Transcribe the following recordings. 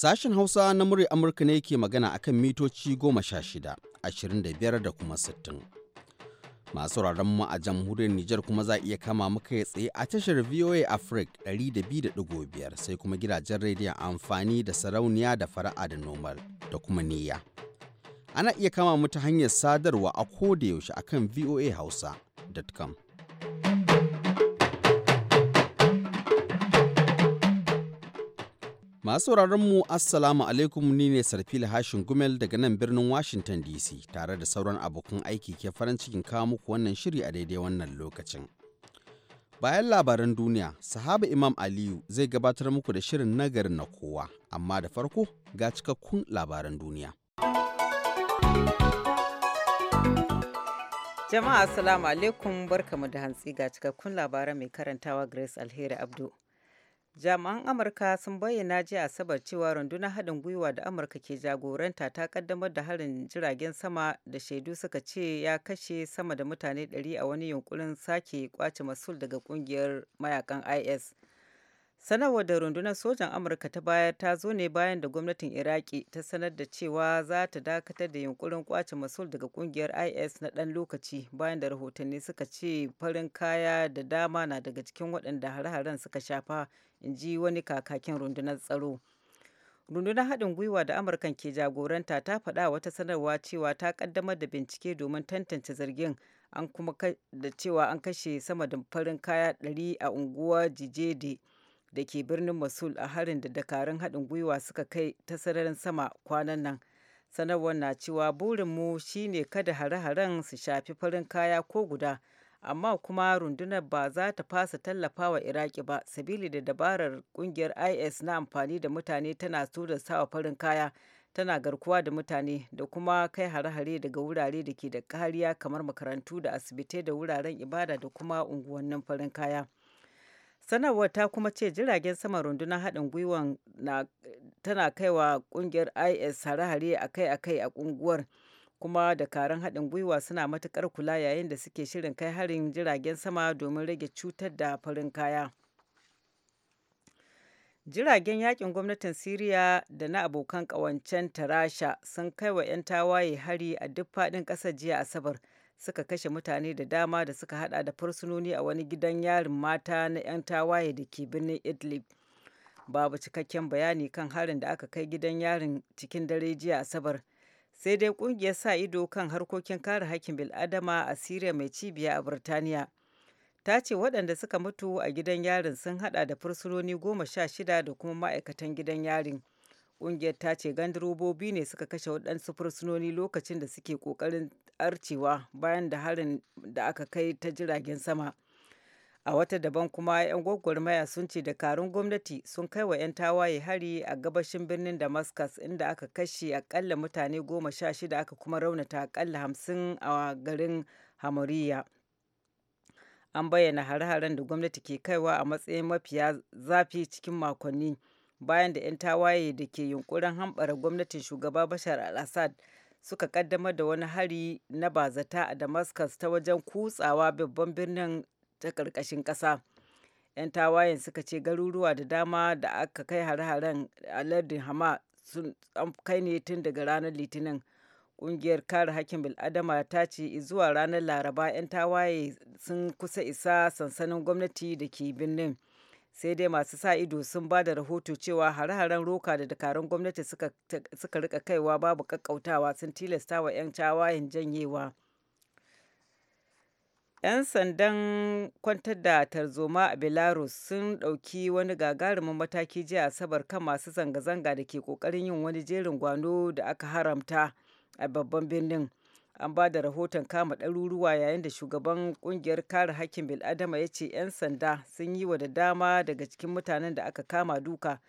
Sashen Hausa na murya Amurka ne ke magana akan mitoci goma sha shida, ashirin da biyar da kuma sittin. Masu mu a jamhuriyar Nijar kuma za iya kama muka ya tsaye a tashar VOA Africa biyar, sai kuma gidajen rediyon amfani da sarauniya da fara'a da nomal da kuma niyya. Ana iya kama mu ta hanyar sadarwa a yaushe akan VOA Hausa.com. Masu mu Assalamu alaikum ni ne Sarfila Hashin Gumel daga nan birnin Washington DC tare da sauran abokan aiki ke farin cikin kawo muku wannan shiri a daidai wannan lokacin. Bayan labaran duniya, sahaba Imam Aliyu zai gabatar muku da shirin nagarin na kowa, amma da farko ga cikakkun labaran duniya. Jama'a Assalamu alaikum barkamu da hantsi ga cikakkun labaran mai karantawa Grace Alheri Abdu. jami'an amurka sun bayyana jiya asabar cewa rundunar haɗin gwiwa da amurka ke jagoranta ta kaddamar da harin jiragen sama da shaidu suka ce ya kashe sama da mutane 100 a wani yunkurin sake kwace masul daga kungiyar mayakan is sanarwar da rundunar sojan amurka ta bayar ta zo ne bayan da gwamnatin iraki ta sanar da cewa za ta dakatar da yunkurin kwace masul daga kungiyar is na ɗan lokaci bayan da rahotanni suka ce farin kaya da dama na daga cikin waɗanda hare-haren suka shafa in ji wani kakakin rundunar tsaro rundunar haɗin gwiwa da amurkan ke jagoranta ta faɗa wata sanarwa cewa ta ƙaddamar da bincike domin tantance zargin an kuma da cewa an kashe sama da farin kaya 100 a unguwar jijede da ke birnin Mosul a harin da dakarun haɗin gwiwa suka kai ta sararin sama kwanan nan. Sanarwar na cewa burinmu shine kada hare-haren su shafi farin kaya ko guda, amma kuma rundunar ba za ta fasa wa Iraki ba, sabili da dabarar kungiyar IS na amfani da mutane tana tura sawa farin kaya, tana garkuwa da mutane da kuma kai hare-hare daga wurare da ke da kariya kamar makarantu da asibitai da wuraren ibada da kuma unguwannin farin kaya. sanarwar ta kuma ce jiragen sama rundunar haɗin gwiwa tana kaiwa ƙungiyar is hare-hare akai-akai a ƙunguwar kuma dakarun haɗin gwiwa suna matuƙar kula yayin da suke shirin kai harin jiragen sama domin rage cutar da farin kaya jiragen yakin gwamnatin siriya da na abokan ƙawancen tarasha sun kai wa 'yan tawaye hari a duk faɗin ƙasar jiya asabar suka kashe mutane da dama da suka hada da fursunoni a wani gidan yarin mata na 'yan tawaye da ke birnin idlib babu cikakken bayani kan harin da aka kai gidan yarin cikin dare jiya asabar sai dai kungiyar sa ido kan harkokin kare hakkin bil'adama a Syria mai cibiya a birtaniya ta ce waɗanda suka mutu a gidan yarin sun hada da fursunoni goma sha shida da kuma ma'aikatan gidan yarin ƙungiyar ta ce gandurobobi ne suka kashe waɗansu fursunoni lokacin da suke ƙoƙarin arcewa bayan da harin da aka kai ta jiragen sama a wata daban kuma 'yan gwagwarmaya sun ce dakarun gwamnati sun kai wa 'yan tawaye hari a gabashin birnin damascus inda aka kashe akalla mutane goma sha shida aka kuma raunata akalla hamsin a garin hamuriya an bayyana hare-haren da gwamnati ke kaiwa a matsayin mafiya zafi cikin makonni bayan da 'yan tawaye da ke yunkurin hambara gwamnatin shugaba bashar al-assad suka kaddamar da wani hari na bazata a damascus ta wajen kutsawa babban birnin ta ƙarƙashin ƙasa 'yan tawayen suka ce garuruwa da dama da aka kai hare-haren a hama sun kai ne tun daga ranar litinin ƙungiyar kare hakkin bil'adama ta ce zuwa ranar laraba 'yan tawaye sun kusa isa sansanin gwamnati da ke birnin sai dai masu sa ido sun ba da rahoto cewa hare-haren roka da dakarun gwamnati suka rika kaiwa babu kakkautawa sun tilasta wa 'yan tawayen janyewa 'yan sandan kwantar da tarzoma a belarus sun ɗauki wani gagarumin mataki jiya asabar kan masu zanga-zanga da ke ƙoƙarin yin wani jerin gwano da aka haramta a babban birnin an ba da rahoton kama ɗaruruwa yayin da shugaban ƙungiyar kare hakkin bil'adama ya ce 'yan sanda sun yi wa da dama daga cikin mutanen da aka kama duka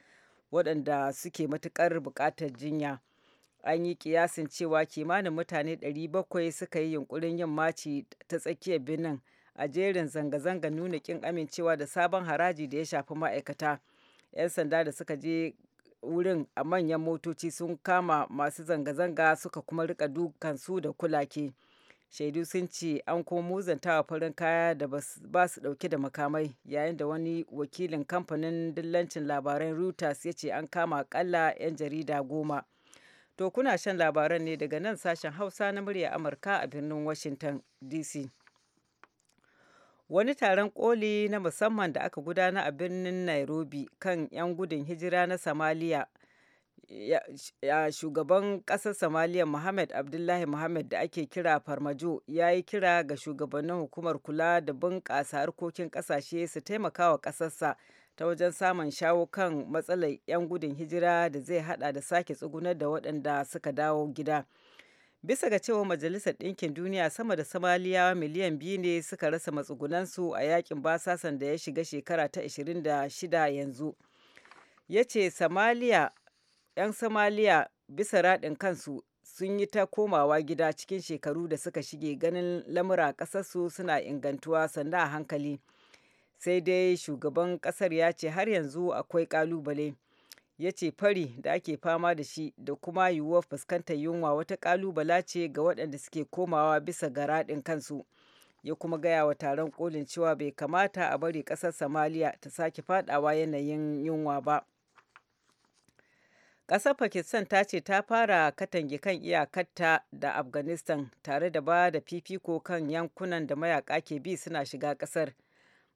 waɗanda suke matuƙar buƙatar jinya an yi kiyasin cewa kimanin mutane 700 suka yi yunkurin yin maci ta tsakiyar birnin a jerin zanga-zanga nuna ƙin amincewa da sabon haraji da ya shafi ma'aikata 'yan sanda da suka je wurin a manyan motoci sun kama masu zanga-zanga suka kuma rika dukansu da kulake shaidu sun ce an kuma muzantawa farin kaya da ba su dauke da makamai yayin da wani wakilin kamfanin dillancin labaran reuters ya ce an kama akalla 'yan jarida goma to kuna shan labaran ne daga nan sashen hausa na murya amurka a birnin washington dc wani taron koli na musamman da aka gudana a birnin nairobi kan 'yan gudun hijira na ya shugaban ƙasar samaliya mohamed abdullahi mohamed da ake kira farmajo ya yi kira ga shugabannin hukumar kula da bunƙasa harkokin ƙasashe su taimaka wa ƙasarsa ta wajen samun shawo kan matsalar 'yan gudun hijira da zai hada da sake tsugunar da waɗanda suka dawo gida. bisa ga cewa majalisar ɗinkin duniya sama da somaliyawa miliyan biyu ne suka rasa matsugunansu a yakin basasan da ya shiga shekara ta 26 yanzu ya ce somaliya 'yan Samaliya bisa raɗin kansu sun yi ta komawa gida cikin shekaru da suka shige ganin lamura ƙasarsu suna ingantuwa sannan a hankali sai dai shugaban ƙasar ya ce har yanzu akwai ƙalubale. ya ce fari da ake fama da shi da kuma yiwuwar fuskantar yunwa wata kalubala ce ga waɗanda suke komawa bisa ga raɗin kansu ya kuma gaya wa taron kolin cewa bai kamata a bari ƙasar samaliya ta sake faɗawa yanayin yunwa ba ƙasar pakistan ta ce ta fara katange kan iyakarta da afghanistan tare da ba da fifiko kan yankunan da mayaka ke bi suna shiga ƙasar.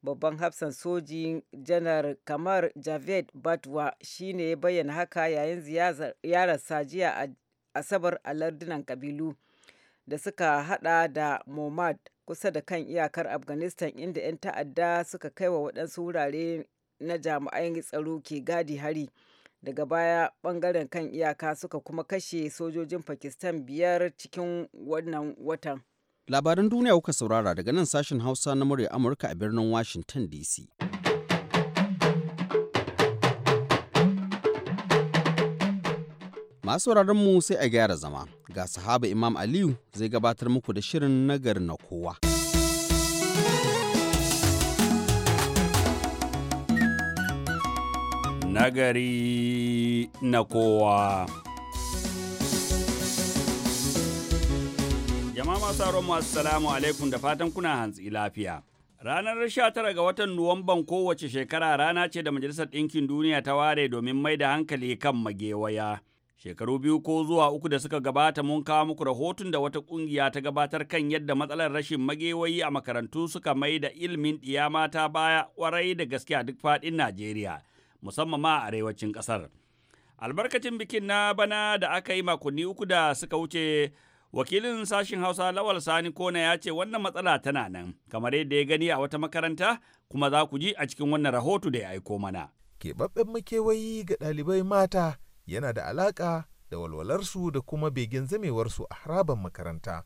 babban hafsan soji janar kamar javed batwa shine ya bayyana haka yayin ziyararsa jiya a asabar a lardunan kabilu da suka hada da momad kusa da kan iyakar afghanistan inda 'yan ta'adda suka kai wa waɗansu wurare na jami'an tsaro ke gadi hari daga baya bangaren kan iyaka suka kuma kashe sojojin pakistan biyar cikin wannan watan Labaran duniya kuka saurara daga nan sashen Hausa na murya Amurka a birnin Washington DC. Masu mu sai a gyara zama, ga sahaba Imam Aliyu zai gabatar muku da shirin nagar na kowa. Nagari na kowa. Jama'a masu aron masu salamu alaikum da fatan kuna hantsi lafiya. Ranar 19 ga watan Nuwamban kowace shekara rana ce da Majalisar Ɗinkin Duniya ta ware domin mai da hankali kan magewaya. Shekaru biyu ko zuwa uku da suka gabata mun kawo muku rahoton da wata ƙungiya ta gabatar kan yadda matsalar rashin magewayi a makarantu suka mai da ilimin ɗiya mata baya ƙwarai da gaske a duk faɗin Najeriya, musamman ma a arewacin ƙasar. Albarkacin bikin na bana da aka yi makonni uku da suka wuce Wakilin sashin Hausa Lawal Sani Kona ya ce wannan matsala tana nan, kamar yadda ya gani a wata makaranta kuma za ku ji a cikin wannan rahoto da ya aiko mana. Keɓaɓɓen makewayi ga ɗalibai mata yana da alaƙa da walwalarsu da kuma begen zamewarsu a haraban makaranta.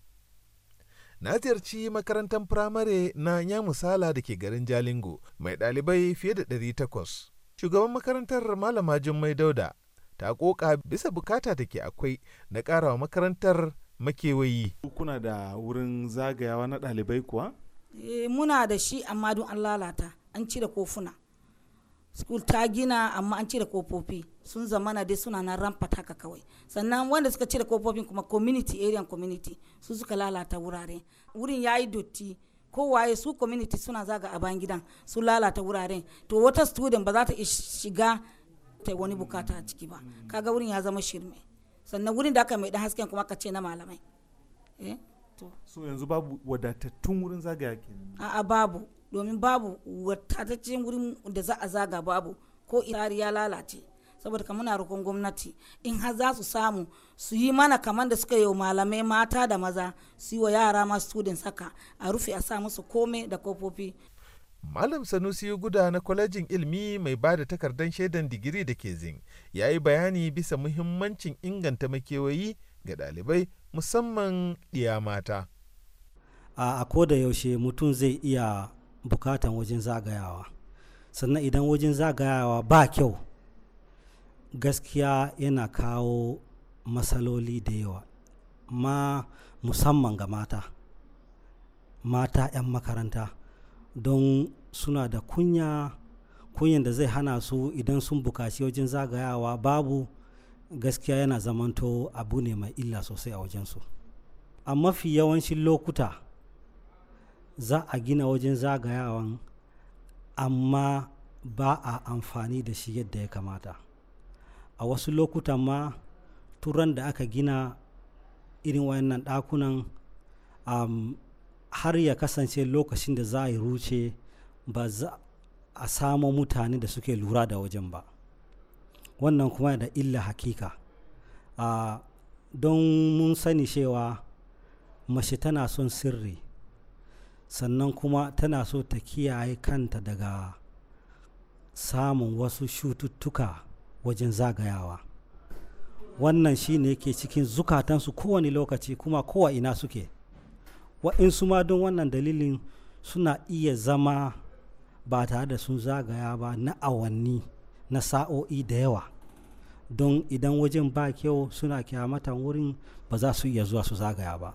Na ziyarci makarantar firamare na Nyamusala da ke garin Jalingo mai ɗalibai fiye da ɗari takwas. Shugaban makarantar Malama Jummai Dauda ta ƙoƙa bisa bukata da ke akwai na ƙarawa makarantar makewayi. Kuna da wurin zagayawa na ɗalibai kuwa? Eh, muna da shi amma don an lalata an cire kofuna. School ta gina amma an cire kofofi sun zamana dai suna na rampart haka kawai. Sannan wanda suka cire kofofin kuma community area community su suka lalata wurare. Wurin ya yi dotti kowaye su community suna zaga a bayan gidan su lalata wuraren to wata student ba za ta shiga ta wani bukata a ciki ba kaga wurin ya zama shirme sannan wurin da aka mai dan hasken kuma ka ce na malamai eh, so yanzu babu wadatattun wurin zagaya a'a babu domin babu wadataccen wurin da za a zaga babu ko irari ya lalace saboda ka muna rukun gwamnati in har za su samu su yi mana kamar da suka yi malamai mata da maza su yi wa yara masu students saka a rufe a sa musu komai da kofofi Malam Sanusi Guda na kwalejin ilmi mai ba da takardar shaidan digiri da ke zin ya yi bayani bisa muhimmancin inganta makewayi ga ɗalibai musamman ɗiya mata. A da yaushe mutum zai iya bukatan wajen zagayawa. Sannan idan wajen zagayawa ba kyau gaskiya yana kawo matsaloli da yawa ma musamman ga mata mata 'yan makaranta don suna da kunya kunyan da zai hana su idan sun bukaci wajen zagayawa babu gaskiya yana zamanto abu ne mai illa sosai a wajensu a mafi yawancin lokuta za a gina wajen zagayawa amma ba a amfani da shi yadda ya kamata a wasu lokuta ma turan da aka gina irin wayannan ɗakunan um, har ya kasance lokacin da za a yi ruce ba za a samu mutane da suke lura da wajen ba wannan kuma da illa hakika a don mun sani cewa mace tana son sirri sannan kuma tana so ta kiyaye kanta daga samun wasu shututtuka wajen zagayawa wannan shi ne ke cikin zukatansu kowane lokaci kuma kowa ina suke waɗansu ma don wannan dalilin suna iya zama ba tare da sun zagaya ba na awanni na sa'o'i da yawa don idan wajen ba kyau suna kyamatan wurin ba za su iya zuwa su zagaya ba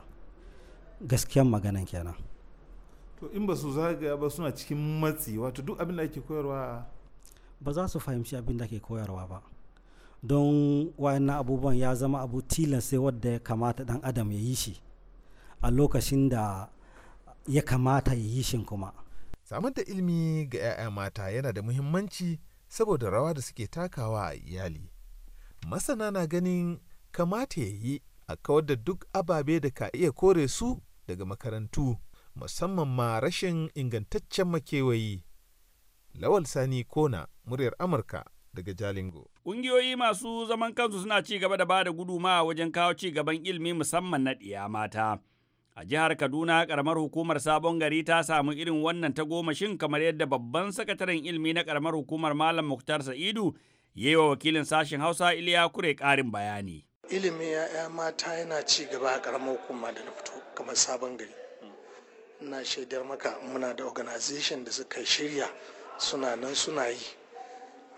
gaskiyan maganan kenan to in ba su zagaya ba suna cikin matsi wato duk abin da ake koyarwa ba za su fahimci abin da ke koyarwa ba don wayannan abubuwan ya zama abu tilan sai wadda ya kamata dan adam ya yi shi a lokacin da ya kamata ya yi shin kuma samar da ilimi ga 'ya'ya mata yana da muhimmanci saboda rawa da suke takawa a iyali masana na ganin kamata ya yi a kawar da duk ababe da ka iya kore su daga makarantu musamman ma rashin ingantaccen makewayi lawal sani kona muryar amurka daga Jalingo. Ƙungiyoyi masu zaman kansu suna ci gaba da ba da gudumawa wajen kawo ci gaban ilimi musamman na ɗiya mata. A jihar Kaduna ƙaramar hukumar Sabon Gari ta samu irin wannan ta goma shin kamar yadda babban sakataren ilimi na ƙaramar hukumar Malam Muktar Sa'idu ya yi wa wakilin sashen Hausa Iliya Kure ƙarin bayani. Ilimi ya mata yana ci gaba a ƙaramar hukuma da na fito kamar Sabon Gari. Ina shaidar maka muna da organization da suka shirya suna nan suna yi.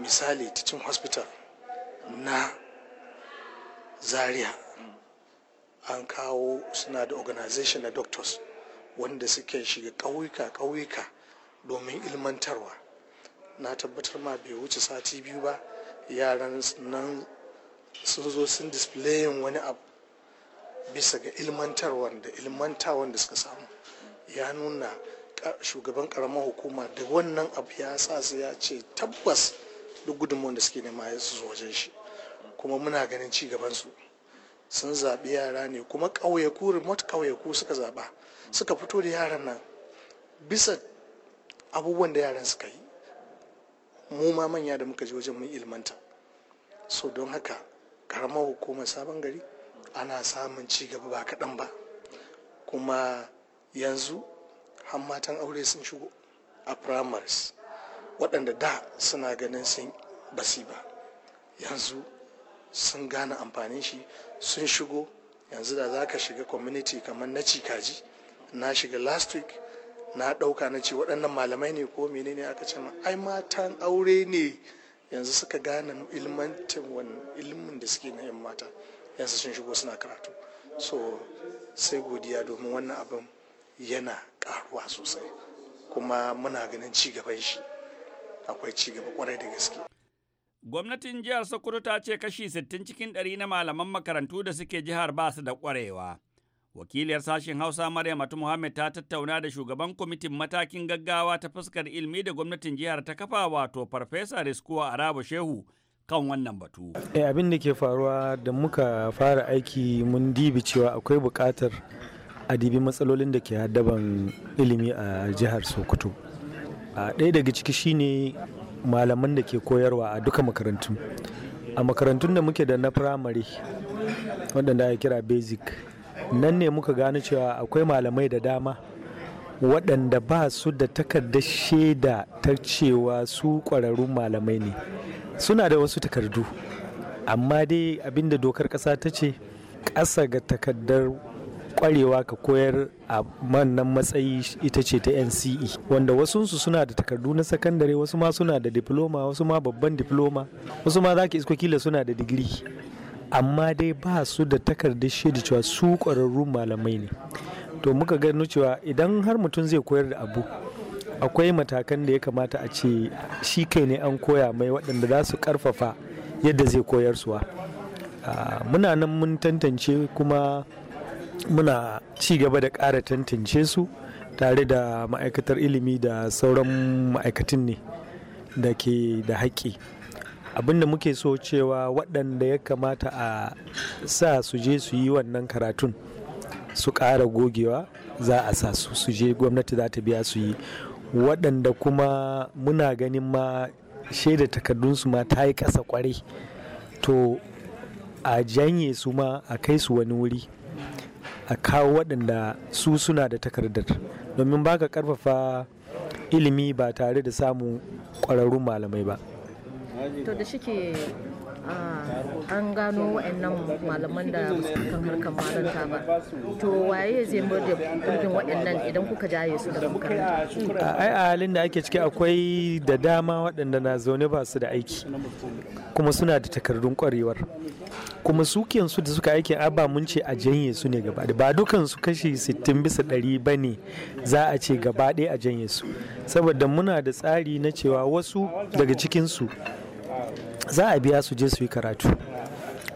Misali Teaching Hospital na Zaria an kawo suna da organization na doctors wanda suke shiga ƙauyuka ƙauyuka domin ilmantarwa na tabbatar ma bai wuce sati biyu ba yaran nan sun zo sun displayin wani abu bisa ga ilmantarwar da ilmantawan da suka samu ya nuna shugaban karamar hukuma da wannan abu ya sa su ya ce tabbas duk gudunmu da suke nema ya su wajen shi kuma muna ganin ci gabansu sun zaɓi yara ne kuma ƙauyaku remote ƙauyaku suka zaɓa suka fito da yaran nan bisa abubuwan da yaran suka yi mu ma manya da muka je wajen mun ilmanta so don haka karamar hukumar sabon gari ana samun ci gaba ba kaɗan ba kuma yanzu har matan aure sun shigo a primaries waɗanda da suna ganin sun basi ba yanzu sun gane amfanin shi sun shigo yanzu da za ka shiga community kamar na cikaji na shiga last week na ɗauka na ce waɗannan malamai ne ko menene aka ce ai matan aure ne yanzu suka gane ilimin da suke na yan mata yanzu sun shigo suna karatu so sai godiya domin wannan abin yana karuwa sosai kuma muna ganin ci gaban shi akwai ci gaba kwarai da gaske Gwamnatin jihar Sokoto ta ce kashi 60 cikin ɗari na malaman makarantu da suke jihar ba su da ƙwarewa. Wakiliyar sashen Hausa Maryam Atu Muhammad ta tattauna da shugaban kwamitin matakin gaggawa ta fuskar ilmi da gwamnatin jihar ta kafa wato Farfesa Riskuwa Arabu Shehu kan wannan batu. E, abin da ke faruwa da muka fara aiki mun dibi cewa akwai bukatar a dibi matsalolin da ke haddaban ilimi a jihar Sokoto. A ah, ɗaya daga ciki shine malaman da ke koyarwa a duka makarantu a makarantun da muke da na firamare waɗanda ya kira basic nan ne muka gano cewa akwai malamai da dama waɗanda ba su da takardar shaida ta cewa su ƙwararrun malamai ne suna da wasu takardu amma dai abinda dokar ƙasa ta ce ƙasa ga takardar kwarewa ka koyar a manan matsayi ita ce ta NCE wanda wasunsu suna da takardu na sakandare wasu ma suna da diploma wasu ma babban diploma wasu ma za ka isko kila suna da digiri amma dai ba su da takardar shaidu cewa su kwararrun malamai ne to muka gano cewa idan har mutum zai koyar da abu akwai matakan da ya kamata a ce shi kai ne an koya mai waɗanda za su ƙarfafa yadda zai koyarsuwa ah, muna nan mun tantance kuma muna ci gaba da ƙara tantance su tare da ma'aikatar ilimi da sauran ma'aikatan ne da ke da haƙƙi abinda muke so cewa waɗanda ya kamata a sa su je su yi wannan karatun su ƙara gogewa za a sa su su je gwamnati za ta biya su yi waɗanda kuma muna ganin ma shaida takardunsu ma ta yi ƙasa kwarai to a janye su ma a kai su wani wuri a kawo waɗanda su suna da takardar domin ba ka ƙarfafa ilimi ba tare da samun ƙwararrun malamai ba to da shike an gano waɗannan malaman da kan harkar malanta ba to waye zai da kudin waɗannan idan kuka jaye su daga makaranta ai a halin da ake ciki akwai da dama waɗanda na zaune ba su da aiki kuma suna da takardun ƙwarewar kuma su su da suka aikin aba mun ce a janye su ne gaba ba dukan su kashi 60 bisa 100 ba ne za a ce gaba ɗaya a janye su saboda muna da tsari na cewa wasu daga cikin su za a biya su je su yi karatu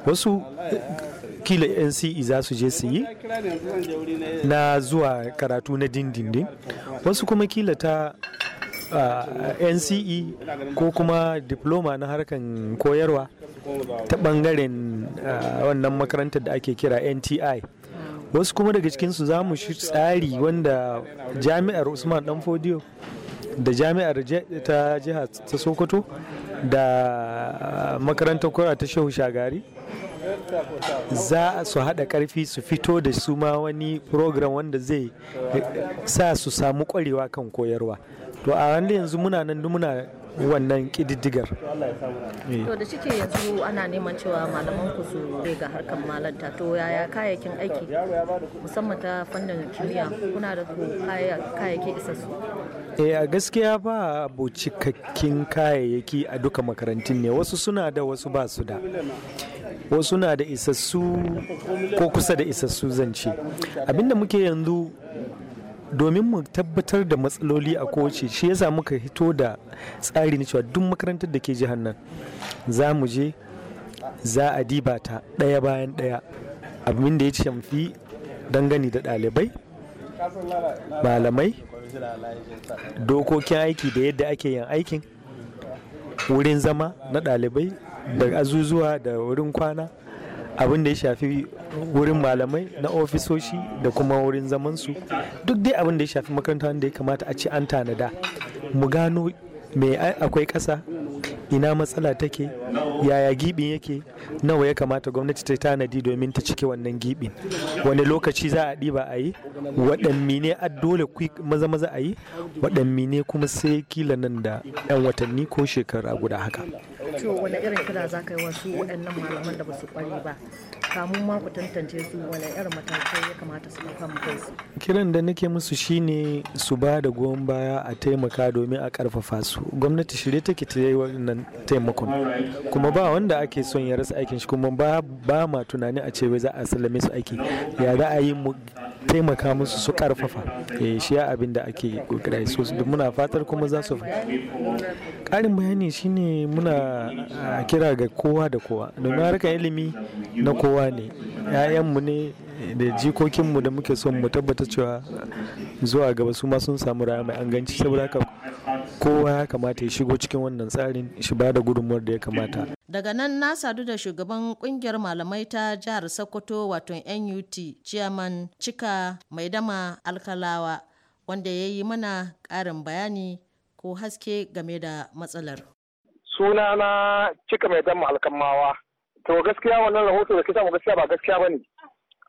wasu kila nce za su je su yi na zuwa karatu na dindindin wasu kuma kila ta nce ko kuma diploma na harkan koyarwa ta bangaren wannan makarantar da ake kira nti wasu kuma daga cikinsu za mu shi tsari wanda jami'ar usman dan fodiyo da jami'ar ta jiha ta sokoto da makarantar kura ta shehu shagari za su haɗa ƙarfi su fito da su ma wani program wanda zai sa su samu kwarewa kan koyarwa to a yanzu muna nan muna wannan kididdigar eh. To da cike yanzu ana neman cewa malaman ku su ga harkar malanta to yaya kayayyakin aiki musamman ta fannin kimiyya kuna da ku kayayyaki su. Eh a gaskiya ba bu cikakkin kayayyaki a duka makarantun ne wasu suna da wasu ba su da. wasu na da isassu ko kusa da isassu zance abinda muke yanzu domin mu tabbatar da matsaloli a kowace shi ya yasa muka hito da tsari na cewa duk makarantar da ke jihar nan za mu je za a diba ta ɗaya bayan ɗaya abin da ya shamfi dangane da ɗalibai malamai dokokin aiki da yadda ake yin aikin wurin zama na ɗalibai da azuzuwa da wurin kwana abin da ya shafi wurin malamai na ofisoshi da kuma wurin zamansu duk dai abin da ya shafi makaranta wanda ya kamata a ce an tanada mu gano me akwai ƙasa ina matsala take yaya gibin yake nawa ya kamata gwamnati ta tanadi domin ta cike wannan gibin wani lokaci za a ɗiba a yi waɗanne ne a dole maza maza a yi waɗanne ne kuma sai kila nan da 'yan watanni ko shekara guda haka to wani irin kira za ka yi wa su waɗannan malaman da ba su ƙware ba kamun ma ku tantance su wani irin matakai ya kamata su ɗauka mu kansu kiran da nake musu shine su ba da goyon baya a taimaka domin a ƙarfafa su gwamnati shirye take ta yi wannan taimakon kuma ba wanda ake son ya rasa aikin shi kuma ba ma tunani a ce wai za a sallame su aiki ya za a yi mu taimaka musu su karfafa eh, shi ya abin da ake kokari so muna fatar kuma za su karin bayani shine muna a kira ga kowa da kowa domin harkar ilimi na kowa ne 'ya'yanmu ne da jikokinmu da muke son mu tabbata cewa zuwa gaba su sun samu raya mai anganci saboda haka kowa ya kamata ya shigo cikin wannan tsarin shi ba da gudunmuwar da ya kamata daga nan na sadu da shugaban kungiyar malamai ta jihar sokoto wato nut chairman cika mai dama alkalawa wanda ya yi mana karin bayani ko haske game da matsalar suna na cika mai damma alkamawa to gaskiya wannan rahoto da kisa gaskiya ba gaskiya ba ne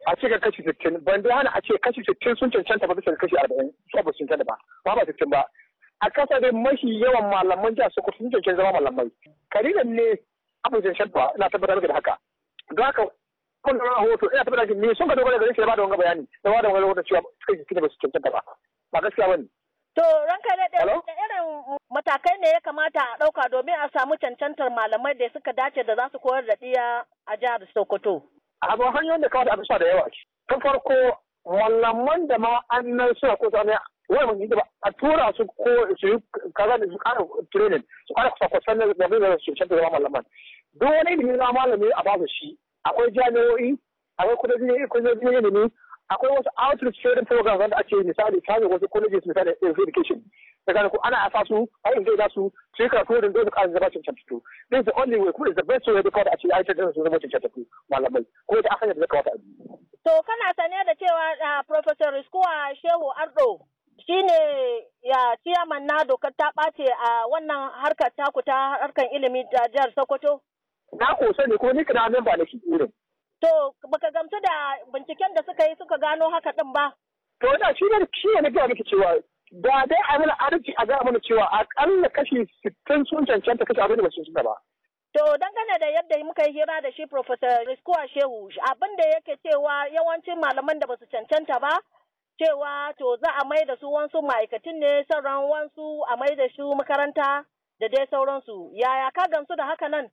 a cika kashi sittin ban dai hana a ce kashi sittin sun cancanta ba bisa kashi arba'in su ba sun cancanta ba ba ba sittin ba a kasa dai mafi yawan malaman jihar sokoto sun cancanta zama malamai kalilan ne abu cancanta ba ina tabbatar maka da haka don haka kun da rahoto ina tabbatar da ni sun ka dogara garin shi da ba da wani bayani da ba da wani rahoto cewa suka yi ba su cancanta ba ba gaskiya ba ne To ranka da irin matakai ne ya kamata a ɗauka domin a samu cancantar malamai da suka dace da za su koyar da ɗiya a jihar Sokoto. Abu hanyoyin da kawai da abisa da yawa ce. Ta farko malaman da ma an nan suna ko zane wani mun ba a tura su ko su yi kaza da su kara training su kara na da zai zama su canza zama malaman. Duk wani ilimi na malami a babu shi akwai jami'o'i akwai kudin ilimi akwai wasu outreach training programs wanda ake misali kame wasu colleges misali education daga ko ana asa su a inda za su su yi karatu da dole kan zama cancantattu this is the only way kuma is the best way da kawai a ce ai cancantattu su zama cancantattu malamai ko da aka da zaka kawata abu to kana sane da cewa ah, professor Iskuwa Shehu Ardo shine ya ciyaman na dokar ta ɓace a wannan harkar taku ta harkar ilimi da jihar Sokoto na ko sani ko ni kana memba na shi irin To baka gamsu da binciken da suka yi suka gano haka din ba? To ina shi ne shi ne na gaya miki cewa da dai a mana arziki a gaya mana cewa akalla kashi sittin sun cancanta kashi abin da ba su ba. To dangane da yadda muka yi hira da shi Professor Riskuwa Shehu abin da yake cewa yawancin malaman da ba su cancanta ba cewa to za a mai da su wansu ma'aikacin ne sauran wansu a mai da su makaranta da dai sauransu yaya ka gamsu da haka nan?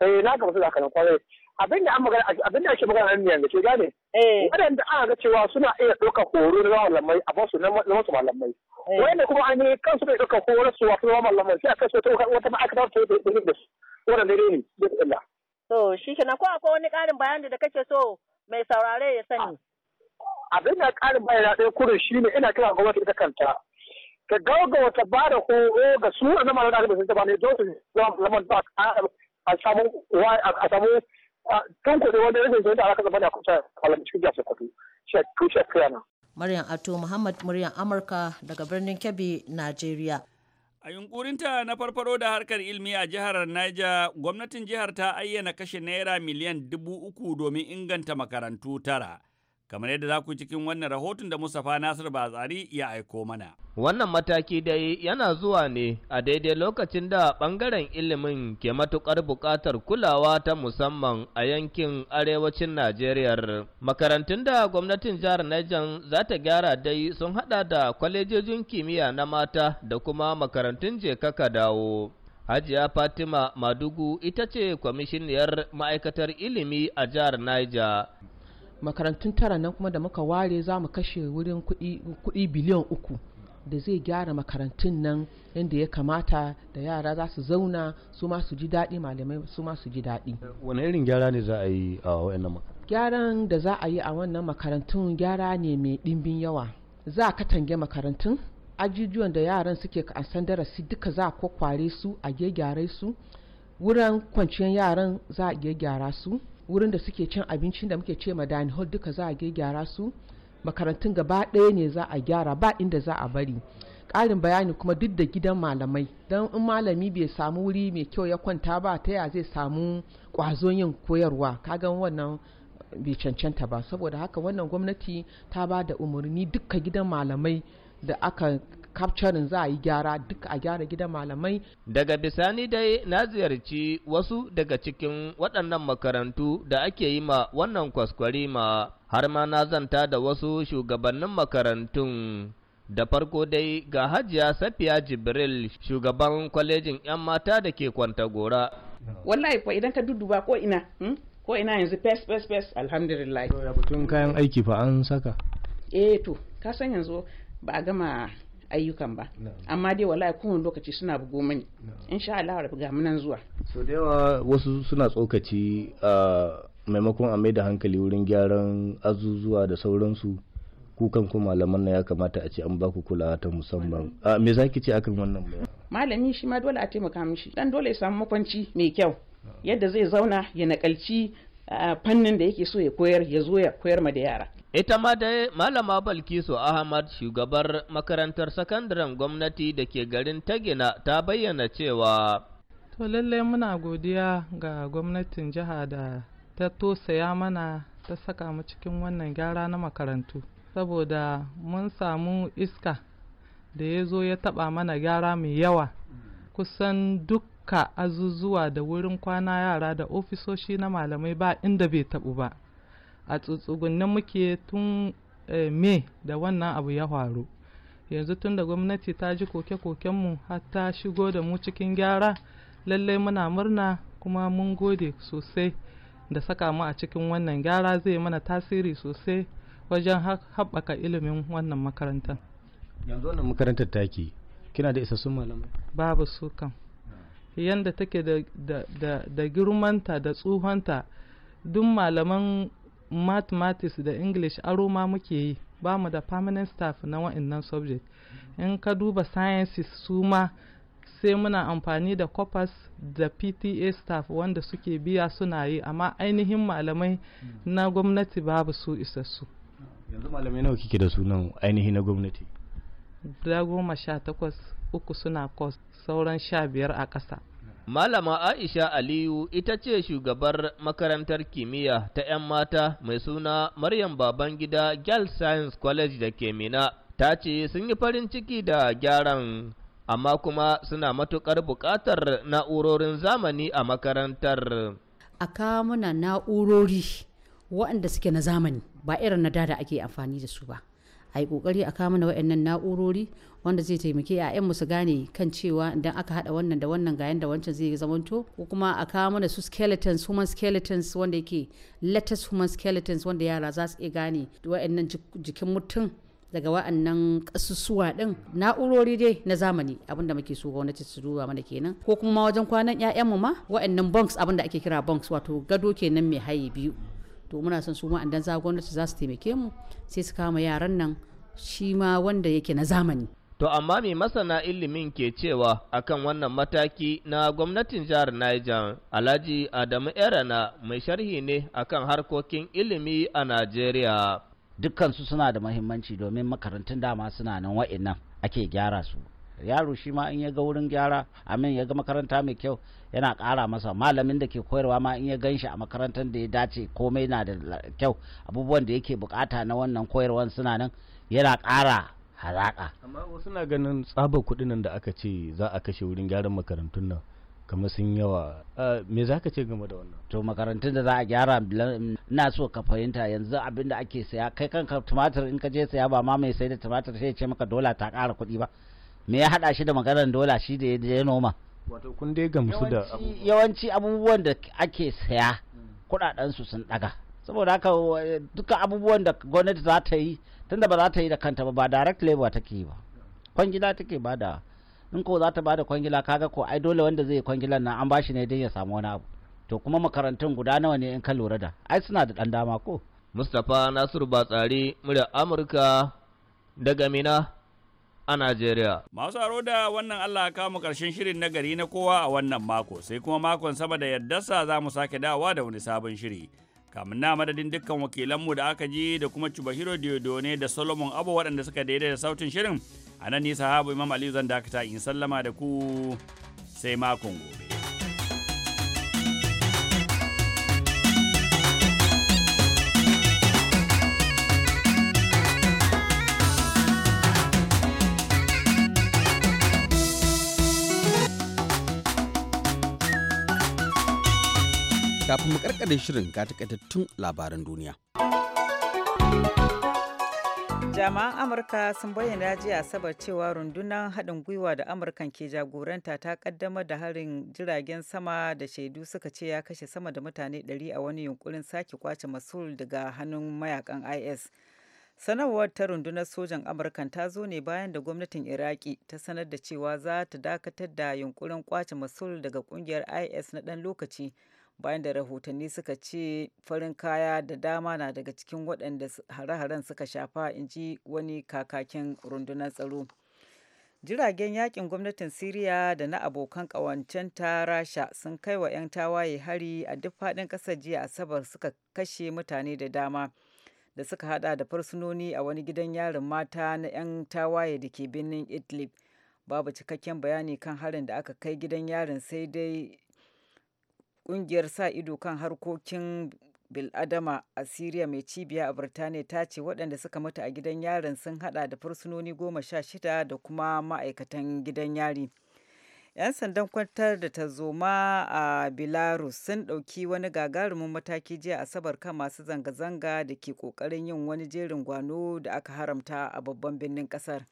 Eh na gamsu da haka nan kwarai abin da an magana abin da ake magana nan yanzu ke gane eh. waɗanda aka ga cewa suna iya ɗaukar horo na malamai a basu na wasu malamai eh. wanda kuma an yi kansu bai ɗaukar horo su wasu malamai sai a kai su ta wata ma'aikata ta yi da su wannan ne ne duk illa to shi kenan ko akwai wani ƙarin bayani da kake so mai saurare ya sani abin da ƙarin bayani ɗaya kurin shi ne ina kira gwamnati ta kanta ka gauga wata ba da horo ga su a zama da ɗalibin sun ta ba ne don su zama a samu tanko wanda yake zai da da kusa alamu cikin kiyana Maryam Ato Muhammad Maryam Amurka daga birnin Kebbi Najeriya A yunkurinta na farfaro da harkar ilmi a jihar Niger, gwamnatin jihar ta ayyana kashe naira miliyan dubu uku domin inganta makarantu tara. kamar yadda za ku cikin wannan rahoton da Mustapha Nasir bazari ya aiko mana. Wannan mataki dai yana zuwa ne a daidai lokacin da ɓangaren ilimin ke matuƙar buƙatar kulawa ta musamman a yankin arewacin Najeriya. Makarantun da gwamnatin jihar Niger za ta gyara dai sun haɗa da kwalejojin kimiyya na mata da kuma makarantun je kaka dawo. Hajiya Fatima Madugu ita ce kwamishiniyar ma'aikatar ilimi a jihar Niger. makarantun tara nan kuma da muka ware za mu kashe wurin kuɗi biliyan uku da zai gyara makarantun nan yadda ya kamata da yara za su zauna su ma su ji daɗi malamai su ma su ji daɗi. wani irin gyara ne za a yi a wa'annan makarantun? gyaran da za a yi a wannan makarantun gyara ne mai ɗimbin yawa za a katange makarantun ajijuwan da yaran suke san darasi duka za a kwakware su a gyare su wurin kwanciyar yaran za a gyara su wurin da suke cin abincin da muke ce ma dining hall duka za a gyara su makarantun gaba ɗaya ne za a gyara ba inda za a bari ƙarin bayani kuma duk da gidan malamai don in malami bai samu wuri mai kyau ya kwanta ba ta ya zai samu ƙwazon yin koyarwa ka ga wannan bai cancanta ba saboda haka wannan gwamnati ta ba da umarni duka gidan malamai da aka capturing za a yi gyara duk a gyara gidan malamai daga bisani dai na ziyarci wasu daga cikin waɗannan makarantu da ake yi ma wannan ma har ma na zanta da wasu shugabannin makarantun da farko dai ga hajiya safiya jibril shugaban kwalejin 'yan mata da ke kwanta gora wallahi fa idan ka duduba ko ina hmm? ko ina yanzu pes pes pes alhamdulillah to ya kayan aiki fa an saka eh to ka san yanzu ba a gama ayyukan ba amma dai wallahi kowane lokaci suna bugo mani insha Allah rabu ga munan zuwa so da yawa wasu suna tsokaci a maimakon a mai da hankali wurin gyaran azuzuwa da sauransu kukan ku malaman na ya kamata a ce an baku kulawa ta musamman a me zaki ce akan wannan malami shi ma dole a taimaka mishi dan dole ya samu makwanci mai kyau yadda zai zauna ya nakalci fannin da yake so ya koyar ya zo ya koyar ma da yara Ita ma dai Malama Balkisu Ahmad shugabar makarantar sakandaren gwamnati da ke garin Tagina ta bayyana cewa. To lallai muna godiya ga gwamnatin jiha da ta tosaya mana ta saka mu cikin wannan gyara na makarantu. Saboda mun samu iska da ya zo ya taba mana gyara mai yawa kusan dukka azuzuwa da wurin kwana yara da ofisoshi na malamai ba inda bai taɓu ba. a tsutsugunne muke tun eh, me da wannan abu ya faru yanzu tun da gwamnati ta ji koke mu har ta shigo da mu cikin gyara lallai muna murna kuma mun gode sosai da saka mu a cikin wannan gyara zai mana tasiri sosai wajen haɓaka ilimin wannan makarantar yanzu wannan makarantar ke kina da isassun malamai babu su kan yanda take da girmanta da tsohonta duk malaman mathematics da english aro ma muke yi ba mu da permanent staff na wa'annan subject in ka duba sciences su ma sai muna amfani da corpus da pta staff wanda suke biya suna yi amma ainihin malamai na gwamnati babu su isassu yanzu malamai nawa kike da sunan ainihi na gwamnati da goma sha takwas uku suna kos sauran sha biyar a ƙasa Malama Aisha Aliyu ita ce shugabar makarantar kimiyya ta 'yan mata mai suna Maryam Babangida Girls Science College da ke Mina ta ce sun yi farin ciki da gyaran amma kuma suna matuƙar buƙatar na'urorin zamani a makarantar. A kamuna na'urori waɗanda suke na zamani ba irin na da ake amfani da su ba. a yi ƙoƙari a kamuna waɗannan na'urori wanda zai taimaki 'ya'yanmu su gane kan cewa idan aka hada wannan da wannan ga yanda wancan zai zamanto ko kuma a kawo mana su skeletons human skeletons wanda yake latest human skeletons wanda yara za su iya gane wa'annan jikin mutum daga wa'annan kasusuwa din na'urori dai na zamani abinda muke so gwamnati su duba mana kenan ko kuma ma wajen kwanan 'ya'yanmu ma wa'annan banks abinda ake kira banks wato gado kenan mai haye biyu to muna son su ma idan za gwamnati za su taimake mu sai su kama yaran nan shi ma wanda yake na zamani To amma mai masana ilimin ke cewa akan wannan mataki na gwamnatin jihar Niger, Alhaji Adamu Erana mai sharhi ne akan harkokin ilimi a Najeriya. Dukkansu suna da mahimmanci domin makarantun dama suna nan wa'innan ake gyara su. Yaro shi ma in ya ga wurin gyara, amin ya ga makaranta mai kyau yana kara masa malamin da ke koyarwa ma in ya gan shi a makarantar da ya dace komai na da kyau abubuwan da yake bukata na wannan koyarwan suna nan yana ƙara haraka amma wasu na ganin tsabar kuɗin nan da aka ce za a kashe wurin gyaran makarantun nan kamar sun yawa me za ka ce game da wannan to makarantun da za a gyara na so ka fahimta yanzu abin da ake saya kai kanka tumatir in ka je saya ba ma mai sai da tumatir sai ce maka dola ta ƙara kuɗi ba me ya haɗa shi da maganar dola shi da ya noma wato kun dai gamsu da yawanci abubuwan da ake saya hmm. kuɗaɗen su sun ɗaga saboda haka eh, duka abubuwan da gwamnati za ta yi tunda ba za ta yi da kanta ba ba direct labor take yi ba kwangila take bada in ko za ta ba kwangila kaga ko ai dole wanda zai yi kwangilan nan an bashi ne dai ya samu wani abu to kuma makarantun guda nawa ne in ka lura da ai suna da dan dama ko Mustapha Nasiru Batsari murya Amurka daga Mina a Najeriya. Masu aro da wannan Allah ka mu karshen shirin na gari na kowa a wannan mako sai kuma makon sama da yaddasa za mu sake dawa da wani sabon shiri. kamun na madadin dukkan wakilanmu da aka ji da kuma Chubahiro Diodone da Solomon Abu waɗanda suka daidai da sautin shirin a nan nisa habu Imam Aliyu zan dakata in sallama da ku sai makon gobe. Kafin mu karkare shirin ga takaitattun labaran duniya. Jami'an Amurka sun bayyana jiya Asabar cewa rundunar haɗin gwiwa da Amurkan ke jagoranta ta kaddamar da harin jiragen sama da shaidu suka ce ya kashe sama da mutane 100 a wani yunkurin sake kwace Masul daga hannun mayakan IS. sanarwar ta rundunar sojan amurkan ta zo ne bayan da gwamnatin iraki ta sanar da cewa za ta dakatar da yunkurin kwace masul daga ƙungiyar is na ɗan lokaci bayan da rahotanni suka ce farin kaya da dama na daga cikin waɗanda hare-haren suka shafa in ji wani kakakin rundunar tsaro jiragen yakin gwamnatin siriya da na abokan ƙawancenta rasha sun kai wa 'yan tawaye hari a duk faɗin ƙasar jiya asabar suka kashe mutane da dama da suka hada da fursunoni a wani gidan yarin mata na 'yan tawaye da ke birnin idlib babu cikakken bayani kan harin da aka kai gidan yarin sai dai Ƙungiyar sa ido kan harkokin biladama a Siriya mai cibiya a Birtaniya ta ce waɗanda suka mutu a gidan yarin sun hada da fursunoni goma sha shida da kuma ma'aikatan gidan yari. 'Yan sandan kwantar da ta zoma a Belarus sun ɗauki wani gagarumin mataki jiya Asabar kan masu zanga-zanga da ke ƙoƙarin yin wani jerin gwano da aka haramta a babban birnin ƙasar.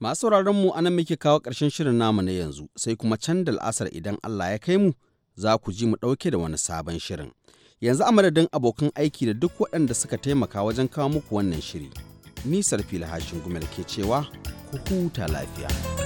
Masu sauraron mu anan muke kawo ƙarshen shirin namu na yanzu, sai kuma can da al'asar idan Allah ya kai mu. za ku ji mu ɗauke da wani sabon shirin. Yanzu a madadin abokan aiki da duk waɗanda suka taimaka wajen kawo muku wannan shiri. Nisar fili hashin gumel ke cewa ku huta lafiya.